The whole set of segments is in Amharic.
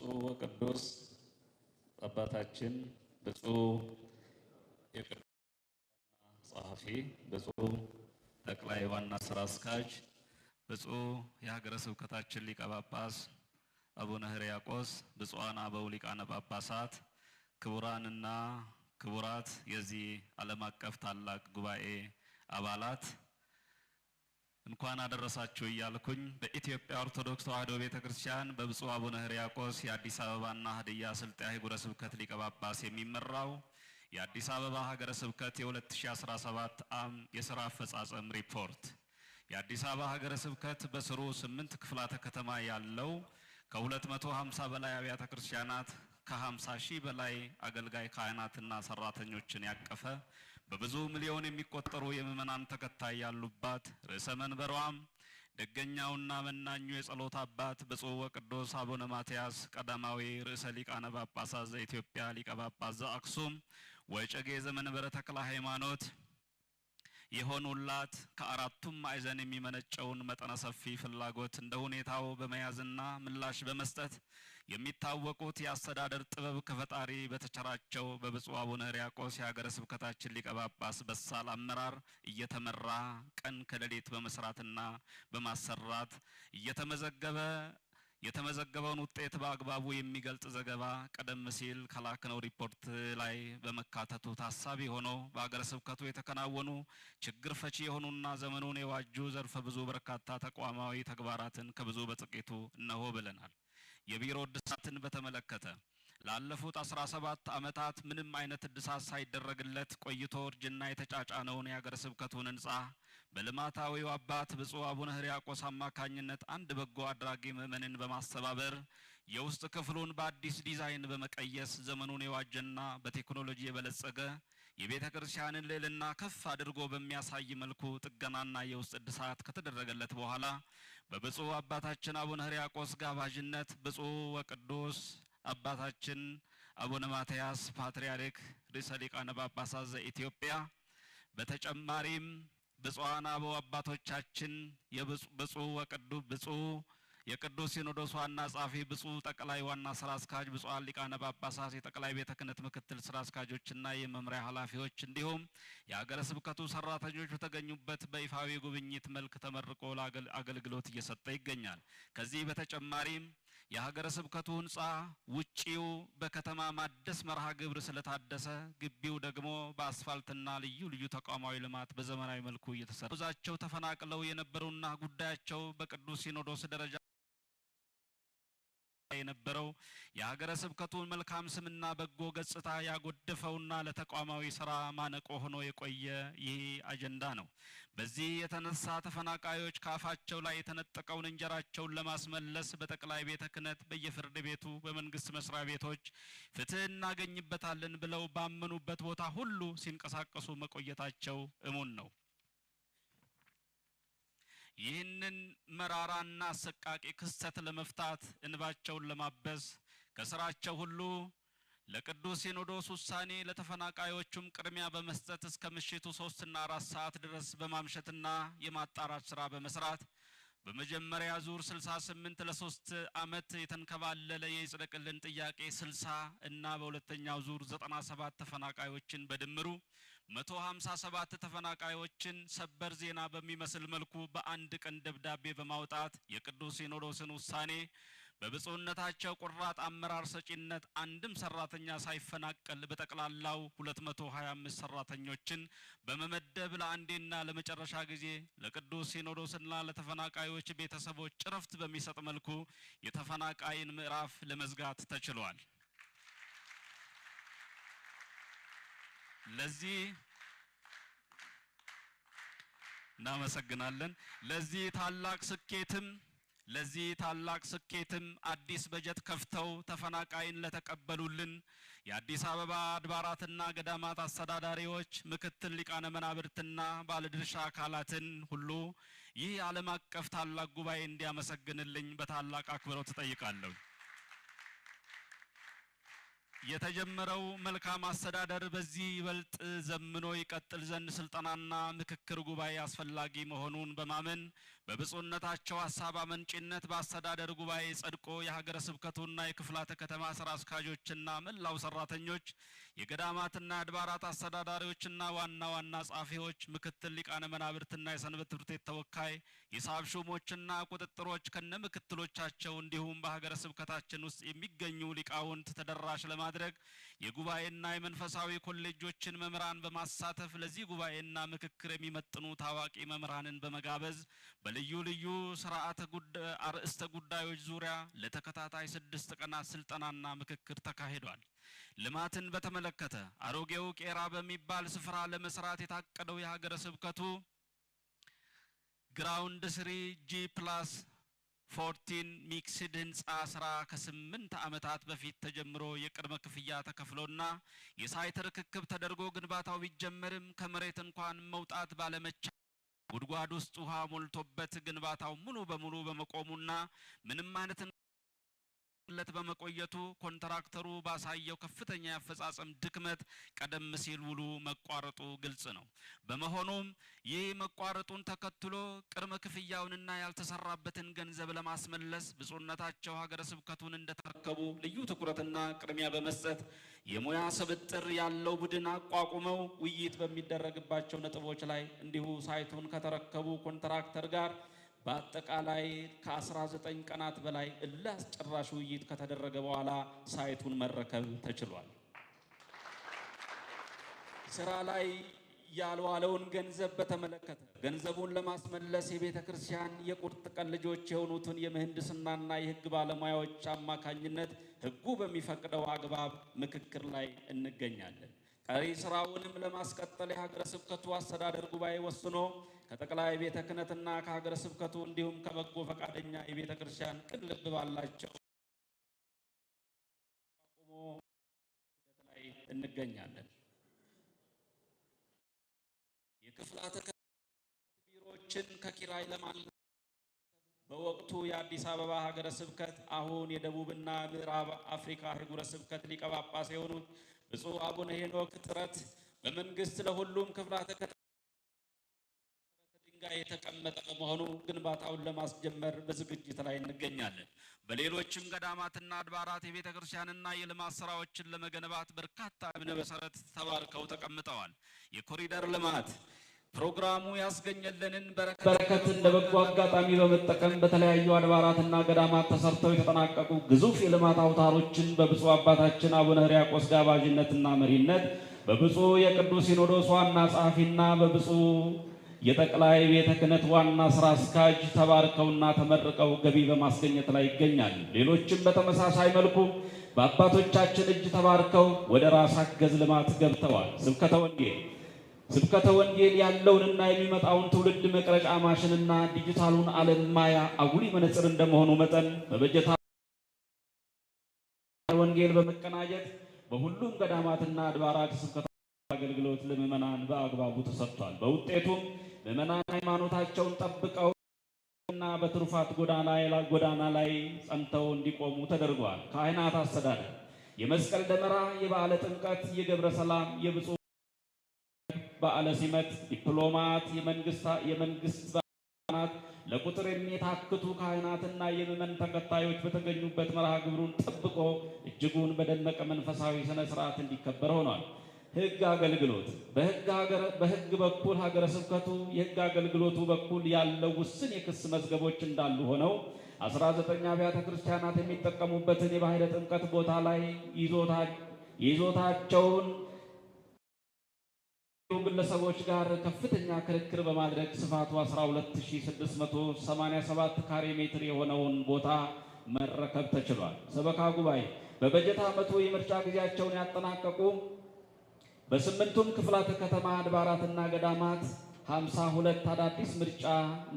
ብፁዕ ወቅዱስ አባታችን ብፁዕ የቅዱስ ጸሐፊ፣ ብፁዕ ጠቅላይ ዋና ስራ አስኪያጅ፣ ብፁዕ የሀገረ ስብከታችን ሊቀ ጳጳስ አቡነ ሕርያቆስ፣ ብፁዓን አበው ሊቃነ ጳጳሳት፣ ክቡራንና ክቡራት የዚህ ዓለም አቀፍ ታላቅ ጉባኤ አባላት እንኳን አደረሳችሁ እያልኩኝ በኢትዮጵያ ኦርቶዶክስ ተዋሕዶ ቤተ ክርስቲያን በብፁዕ አቡነ ሕርያቆስ የአዲስ አበባና ሀዲያ ስልጤ አህጉረ ስብከት ሊቀ ጳጳስ የሚመራው የአዲስ አበባ ሀገረ ስብከት የ2017 ዓ.ም የሥራ አፈጻጸም ሪፖርት የአዲስ አበባ ሀገረ ስብከት በስሩ ስምንት ክፍላተ ከተማ ያለው ከ250 በላይ አብያተ ክርስቲያናት ከ50 ሺህ በላይ አገልጋይ ካህናትና ሰራተኞችን ያቀፈ በብዙ ሚሊዮን የሚቆጠሩ የምእመናን ተከታይ ያሉባት ርዕሰ መንበሯም ደገኛውና መናኙ የጸሎት አባት ብፁዕ ወቅዱስ አቡነ ማትያስ ቀዳማዊ ርዕሰ ሊቃነ ጳጳሳት ዘኢትዮጵያ ሊቀ ጳጳስ ዘአክሱም ወጨጌ ዘመንበረ ተክለ ሃይማኖት የሆኑላት ከአራቱም ማዕዘን የሚመነጨውን መጠነ ሰፊ ፍላጎት እንደ ሁኔታው በመያዝና ምላሽ በመስጠት የሚታወቁት የአስተዳደር ጥበብ ከፈጣሪ በተቸራቸው በብፁዕ አቡነ ሕርያቆስ የሀገረ ስብከታችን ሊቀ ጳጳስ በሳል አመራር እየተመራ ቀን ከሌሊት በመስራትና በማሰራት እየተመዘገበ የተመዘገበውን ውጤት በአግባቡ የሚገልጽ ዘገባ ቀደም ሲል ከላክነው ሪፖርት ላይ በመካተቱ ታሳቢ ሆኖ በሀገረ ስብከቱ የተከናወኑ ችግር ፈቺ የሆኑና ዘመኑን የዋጁ ዘርፈ ብዙ በርካታ ተቋማዊ ተግባራትን ከብዙ በጥቂቱ እነሆ ብለናል። የቢሮ እድሳትን በተመለከተ ላለፉት 17 ዓመታት ምንም አይነት እድሳት ሳይደረግለት ቆይቶ እርጅና የተጫጫነውን የሀገረ ስብከቱን ህንፃ በልማታዊው አባት ብፁዕ አቡነ ሕርያቆስ አማካኝነት አንድ በጎ አድራጊ ምዕመንን በማስተባበር የውስጥ ክፍሉን በአዲስ ዲዛይን በመቀየስ ዘመኑን የዋጀና በቴክኖሎጂ የበለጸገ የቤተ ክርስቲያንን ልዕልና ከፍ አድርጎ በሚያሳይ መልኩ ጥገናና የውስጥ እድሳት ከተደረገለት በኋላ በብፁዕ አባታችን አቡነ ሕርያቆስ ጋባዥነት ብፁዕ ወቅዱስ አባታችን አቡነ ማትያስ ፓትርያርክ ርዕሰ ሊቃነ ጳጳሳት ዘኢትዮጵያ በተጨማሪም ብፁዓን አበው አባቶቻችን የብፁዕ ወቅዱ ብፁዕ የቅዱስ ሲኖዶስ ዋና ጸሐፊ ብፁዕ ጠቅላይ ዋና ስራ አስኪያጅ፣ ብፁዓን ሊቃነ ጳጳሳት፣ የጠቅላይ ቤተ ክህነት ምክትል ስራ አስኪያጆችና የመምሪያ ኃላፊዎች እንዲሁም የሀገረ ስብከቱ ሰራተኞች በተገኙበት በይፋዊ ጉብኝት መልክ ተመርቆ አገልግሎት እየሰጠ ይገኛል። ከዚህ በተጨማሪም የሀገረ ስብከቱ ህንፃ ውጪው በከተማ ማደስ መርሃ ግብር ስለታደሰ ግቢው ደግሞ በአስፋልትና ልዩ ልዩ ተቋማዊ ልማት በዘመናዊ መልኩ እየተሰራ ዛቸው ተፈናቅለው የነበሩና ጉዳያቸው በቅዱስ ሲኖዶስ ደረጃ የነበረው የሀገረ ስብከቱን መልካም ስምና በጎ ገጽታ ያጎደፈውና ለተቋማዊ ስራ ማነቆ ሆኖ የቆየ ይህ አጀንዳ ነው። በዚህ የተነሳ ተፈናቃዮች ከአፋቸው ላይ የተነጠቀውን እንጀራቸውን ለማስመለስ በጠቅላይ ቤተ ክህነት፣ በየፍርድ ቤቱ፣ በመንግስት መስሪያ ቤቶች ፍትህ እናገኝበታለን ብለው ባመኑበት ቦታ ሁሉ ሲንቀሳቀሱ መቆየታቸው እሙን ነው። ይህንን መራራና አሰቃቂ ክስተት ለመፍታት እንባቸውን ለማበስ ከስራቸው ሁሉ ለቅዱስ ሲኖዶስ ውሳኔ ለተፈናቃዮቹም ቅድሚያ በመስጠት እስከ ምሽቱ ሶስትና አራት ሰዓት ድረስ በማምሸትና የማጣራት ስራ በመስራት በመጀመሪያ ዙር 68 ለሶስት አመት የተንከባለለ የይጽደቅልን ጥያቄ 60 እና በሁለተኛው ዙር 97 ተፈናቃዮችን በድምሩ መቶ ተፈናቃዮችን ሰበር ዜና በሚመስል መልኩ በአንድ ቀን ደብዳቤ በማውጣት የቅዱስ ሲኖዶስን ውሳኔ በብፁዕነታቸው ቁራጥ አመራር ሰጪነት አንድም ሰራተኛ ሳይፈናቀል በጠቅላላው 225 ሰራተኞችን በመመደብ ለአንዴና ለመጨረሻ ጊዜ ለቅዱስ ሲኖዶስና ለተፈናቃዮች ቤተሰቦች ጭረፍት በሚሰጥ መልኩ የተፈናቃይን ምዕራፍ ለመዝጋት ተችሏል። ለዚህ እናመሰግናለን። ለዚህ ታላቅ ስኬትም ለዚህ ታላቅ ስኬትም አዲስ በጀት ከፍተው ተፈናቃይን ለተቀበሉልን የአዲስ አበባ አድባራትና ገዳማት አስተዳዳሪዎች፣ ምክትል ሊቃነ መናብርትና ባለድርሻ አካላትን ሁሉ ይህ ዓለም አቀፍ ታላቅ ጉባኤ እንዲያመሰግንልኝ በታላቅ አክብሮት እጠይቃለሁ። የተጀመረው መልካም አስተዳደር በዚህ ይበልጥ ዘምኖ ይቀጥል ዘንድ ስልጠናና ምክክር ጉባኤ አስፈላጊ መሆኑን በማመን በብፁዕነታቸው ሀሳብ አመንጭነት በአስተዳደር ጉባኤ ጸድቆ የሀገረ ስብከቱና የክፍላተ ከተማ ስራ አስኪያጆችና መላው ሰራተኞች፣ የገዳማትና አድባራት አስተዳዳሪዎችና ዋና ዋና ጻፊዎች ምክትል ሊቃነ መናብርትና የሰንበት ትምህርት ቤት ተወካይ፣ ሂሳብ ሹሞችና ቁጥጥሮች ከነ ምክትሎቻቸው እንዲሁም በሀገረ ስብከታችን ውስጥ የሚገኙ ሊቃውንት ተደራሽ ለማድረግ የጉባኤና የመንፈሳዊ ኮሌጆችን መምህራን በማሳተፍ ለዚህ ጉባኤና ምክክር የሚመጥኑ ታዋቂ መምህራንን በመጋበዝ በልዩ ልዩ ስርዓተ አርዕስተ ጉዳዮች ዙሪያ ለተከታታይ ስድስት ቀናት ስልጠናና ምክክር ተካሂዷል። ልማትን በተመለከተ አሮጌው ቄራ በሚባል ስፍራ ለመስራት የታቀደው የሀገረ ስብከቱ ግራውንድ ስሪ ጂ ፕላስ ፎርቲን ሚክስድ ህንፃ ስራ ከስምንት ዓመታት በፊት ተጀምሮ የቅድመ ክፍያ ተከፍሎና የሳይት ርክክብ ተደርጎ ግንባታው ቢጀመርም ከመሬት እንኳን መውጣት ባለመቻ ጉድጓድ ውስጥ ውሃ ሞልቶበት ግንባታው ሙሉ በሙሉ በመቆሙና ምንም አይነት ለት በመቆየቱ ኮንትራክተሩ ባሳየው ከፍተኛ የአፈጻጸም ድክመት ቀደም ሲል ውሉ መቋረጡ ግልጽ ነው። በመሆኑም ይህ መቋረጡን ተከትሎ ቅድመ ክፍያውንና ያልተሰራበትን ገንዘብ ለማስመለስ ብፁዕነታቸው ሀገረ ስብከቱን እንደተረከቡ ልዩ ትኩረትና ቅድሚያ በመስጠት የሙያ ስብጥር ያለው ቡድን አቋቁመው ውይይት በሚደረግባቸው ነጥቦች ላይ እንዲሁ ሳይቱን ከተረከቡ ኮንትራክተር ጋር በአጠቃላይ ከ19 ቀናት በላይ እልህ አስጨራሽ ውይይት ከተደረገ በኋላ ሳይቱን መረከብ ተችሏል። ስራ ላይ ያልዋለውን ገንዘብ በተመለከተ ገንዘቡን ለማስመለስ የቤተ ክርስቲያን የቁርጥ ቀን ልጆች የሆኑትን የምህንድስናና የሕግ ባለሙያዎች አማካኝነት ሕጉ በሚፈቅደው አግባብ ምክክር ላይ እንገኛለን። ቀሪ ስራውንም ለማስቀጠል የሀገረ ስብከቱ አስተዳደር ጉባኤ ወስኖ ከጠቅላይ ቤተ ክህነትና ከሀገረ ስብከቱ እንዲሁም ከበጎ ፈቃደኛ የቤተ ክርስቲያን ቅን ልብ ባላቸው አቁሞ ላይ እንገኛለን። የክፍላተ ቢሮዎችን ከኪራይ ለማለ በወቅቱ የአዲስ አበባ ሀገረ ስብከት አሁን የደቡብና ምዕራብ አፍሪካ ህጉረ ስብከት ሊቀ ጳጳስ የሆኑት ብፁዕ አቡነ ሄኖክ ጥረት በመንግስት ለሁሉም ክፍላተ ከተማ ድንጋይ የተቀመጠ በመሆኑ ግንባታውን ለማስጀመር በዝግጅት ላይ እንገኛለን። በሌሎችም ገዳማትና አድባራት የቤተ ክርስቲያንና የልማት ስራዎችን ለመገንባት በርካታ እብነ መሰረት ተባርከው ተቀምጠዋል። የኮሪደር ልማት ፕሮግራሙ ያስገኘልንን በረከትን ለበጎ አጋጣሚ በመጠቀም በተለያዩ አድባራትና ገዳማት ተሰርተው የተጠናቀቁ ግዙፍ የልማት አውታሮችን በብፁዕ አባታችን አቡነ ሕርያቆስ ጋባዥነትና መሪነት በብፁዕ የቅዱስ ሲኖዶስ ዋና ጸሐፊና በብፁዕ የጠቅላይ ቤተ ክህነት ዋና ስራ አስኪያጅ ተባርከውና ተመርቀው ገቢ በማስገኘት ላይ ይገኛል። ሌሎችም በተመሳሳይ መልኩ በአባቶቻችን እጅ ተባርከው ወደ ራስ አገዝ ልማት ገብተዋል። ስብከተ ወንጌል ስብከተ ወንጌል ያለውንና የሚመጣውን ትውልድ መቅረጫ ማሽንና ዲጂታሉን ዓለም ማያ አጉሊ መነጽር እንደመሆኑ መጠን በበጀታ ወንጌል በመቀናጀት በሁሉም ገዳማትና አድባራት ስብከተ አገልግሎት ለምእመናን በአግባቡ ተሰጥቷል። በውጤቱም ምዕመናን ሃይማኖታቸውን ጠብቀው እና በትሩፋት ጎዳና ላይ ጸንተው እንዲቆሙ ተደርጓል። ካህናት አስተዳደር፣ የመስቀል ደመራ፣ የበዓለ ጥምቀት፣ የገብረ ሰላም፣ የብፁዕ በዓለ ሲመት፣ ዲፕሎማት፣ የመንግስት ባለስልጣናት፣ ለቁጥር የሚታክቱ ካህናትና የምዕመን ተከታዮች በተገኙበት መርሃ ግብሩን ጠብቆ እጅጉን በደመቀ መንፈሳዊ ስነ ስርዓት እንዲከበር ሆኗል። ህግ አገልግሎት በህግ በኩል ሀገረ ስብከቱ የህግ አገልግሎቱ በኩል ያለው ውስን የክስ መዝገቦች እንዳሉ ሆነው 19 አብያተ ክርስቲያናት የሚጠቀሙበትን የባህረ ጥምቀት ቦታ ላይ ይዞታቸውን እንዲሁም ግለሰቦች ጋር ከፍተኛ ክርክር በማድረግ ስፋቱ 12687 ካሬ ሜትር የሆነውን ቦታ መረከብ ተችሏል። ሰበካ ጉባኤ በበጀት ዓመቱ የምርጫ ጊዜያቸውን ያጠናቀቁ በስምንቱም ክፍላተ ከተማ አድባራትና ገዳማት 52 አዳዲስ ምርጫ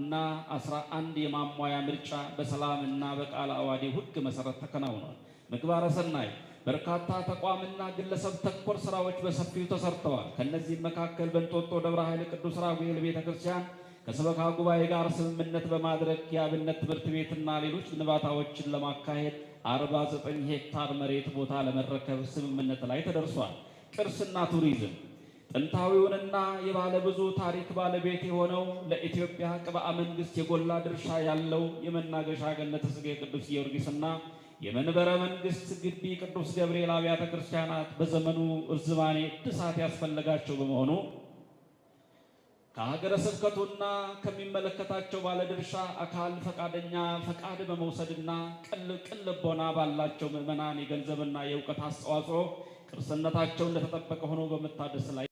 እና 11 የማሟያ ምርጫ በሰላም እና በቃለ ዓዋዴ ሕግ መሰረት ተከናውኗል። ምግባረ ሰናይ በርካታ ተቋምና ግለሰብ ተኮር ስራዎች በሰፊው ተሰርተዋል። ከእነዚህም መካከል በእንጦጦ ደብረ ኃይል ቅዱስ ራጉኤል ቤተ ክርስቲያን ከሰበካ ጉባኤ ጋር ስምምነት በማድረግ የአብነት ትምህርት ቤትና ሌሎች ግንባታዎችን ለማካሄድ 49 ሄክታር መሬት ቦታ ለመረከብ ስምምነት ላይ ተደርሷል። ቅርስና ቱሪዝም ጥንታዊውንና የባለ ብዙ ታሪክ ባለቤት የሆነው ለኢትዮጵያ ቅብአ መንግሥት የጎላ ድርሻ ያለው የመናገሻ ገነተ ጽጌ ቅዱስ ጊዮርጊስና የመንበረ መንግስት ግቢ ቅዱስ ገብርኤል አብያተ ክርስቲያናት በዘመኑ እርዝማኔ እድሳት ያስፈለጋቸው በመሆኑ ከሀገረ ስብከቱና ከሚመለከታቸው ባለድርሻ አካል ፈቃደኛ ፈቃድ በመውሰድና ቅን ልቦና ባላቸው ምዕመናን የገንዘብና የእውቀት አስተዋጽኦ ቅርስነታቸው እንደተጠበቀ ሆኖ በመታደስ ላይ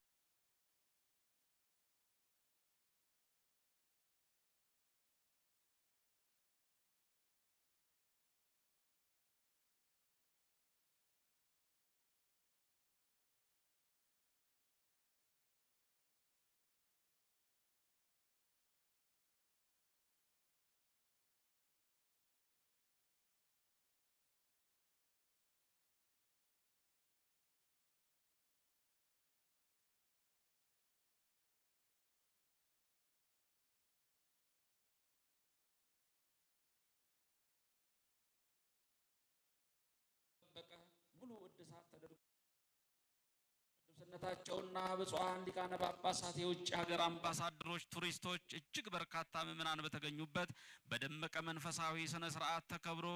እድሳት ተደርጎ ቅዱስነታቸውና ብፁዓን ሊቃነ ጳጳሳት የውጭ ሀገር አምባሳደሮች፣ ቱሪስቶች፣ እጅግ በርካታ ምዕመናን በተገኙበት በደመቀ መንፈሳዊ ስነ ስርዓት ተከብሮ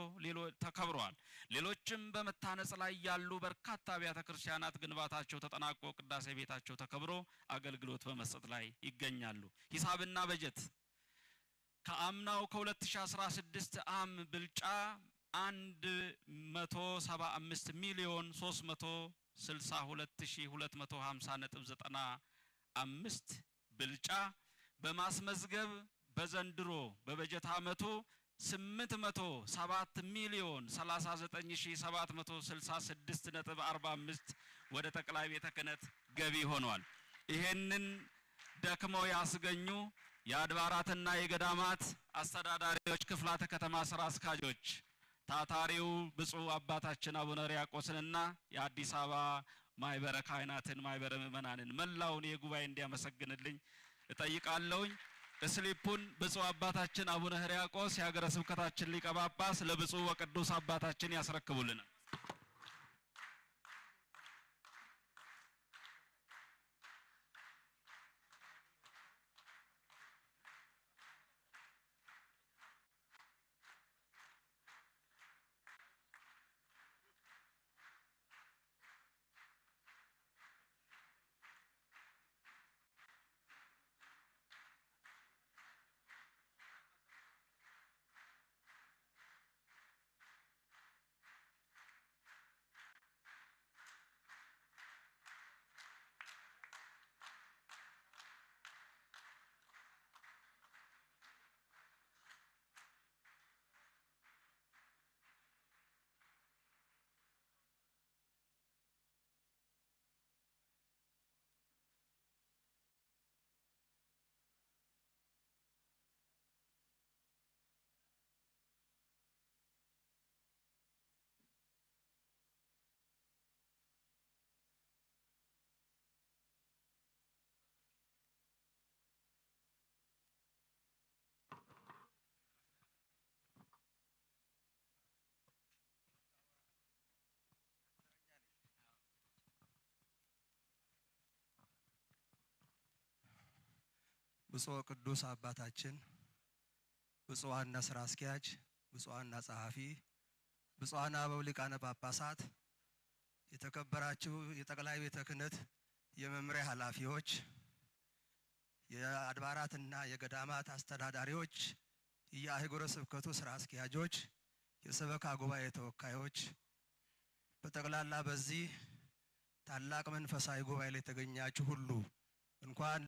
ተከብሯል። ሌሎችም በመታነጽ ላይ ያሉ በርካታ አብያተ ክርስቲያናት ግንባታቸው ተጠናቆ ቅዳሴ ቤታቸው ተከብሮ አገልግሎት በመስጠት ላይ ይገኛሉ። ሂሳብና በጀት ከአምናው ከ2016 አም ብልጫ አንድ መቶ ሰባ አምስት ሚሊዮን ሶስት መቶ ስልሳ ሁለት ሺ ሁለት መቶ ሀምሳ ነጥብ ዘጠና አምስት ብልጫ በማስመዝገብ በዘንድሮ በበጀት አመቱ ስምንት መቶ ሰባት ሚሊዮን ሰላሳ ዘጠኝ ሺ ሰባት መቶ ስልሳ ስድስት ነጥብ አርባ አምስት ወደ ጠቅላይ ቤተ ክህነት ገቢ ሆኗል። ይሄንን ደክመው ያስገኙ የአድባራትና የገዳማት አስተዳዳሪዎች፣ ክፍላተ ከተማ ስራ አስካጆች ታታሪው ብፁዕ አባታችን አቡነ ሪያቆስንና የአዲስ አበባ ማይበረ ካህናትን ማይበረ ምእመናንን መላውን የጉባኤ እንዲያመሰግንልኝ እጠይቃለሁኝ። እስሊፑን ብፁዕ አባታችን አቡነ ሪያቆስ የሀገረ ስብከታችን ሊቀ ጳጳስ ለብፁዕ ወቅዱስ አባታችን ያስረክቡልናል። ብፁዕ ቅዱስ አባታችን፣ ብፁዕ ዋና ስራ አስኪያጅ፣ ብፁዕ ዋና ጸሐፊ፣ ብፁዕ አበው ሊቃነ ጳጳሳት፣ የተከበራችሁ የጠቅላይ ቤተ ክህነት የመምሪያ ኃላፊዎች፣ የአድባራትና የገዳማት አስተዳዳሪዎች፣ የአህጉረ ስብከቱ ስራ አስኪያጆች፣ የሰበካ ጉባኤ ተወካዮች፣ በጠቅላላ በዚህ ታላቅ መንፈሳዊ ጉባኤ ላይ የተገኛችሁ ሁሉ እንኳን